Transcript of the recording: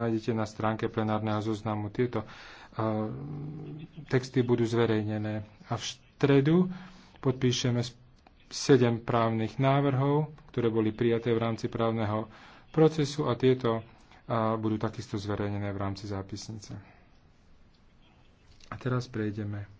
nájdete na stránke plenárneho zoznamu. Tieto uh, texty budú zverejnené. A v stredu podpíšeme 7 právnych návrhov, ktoré boli prijaté v rámci právneho procesu a tieto uh, budú takisto zverejnené v rámci zápisnice. A teraz prejdeme